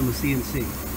from the CNC.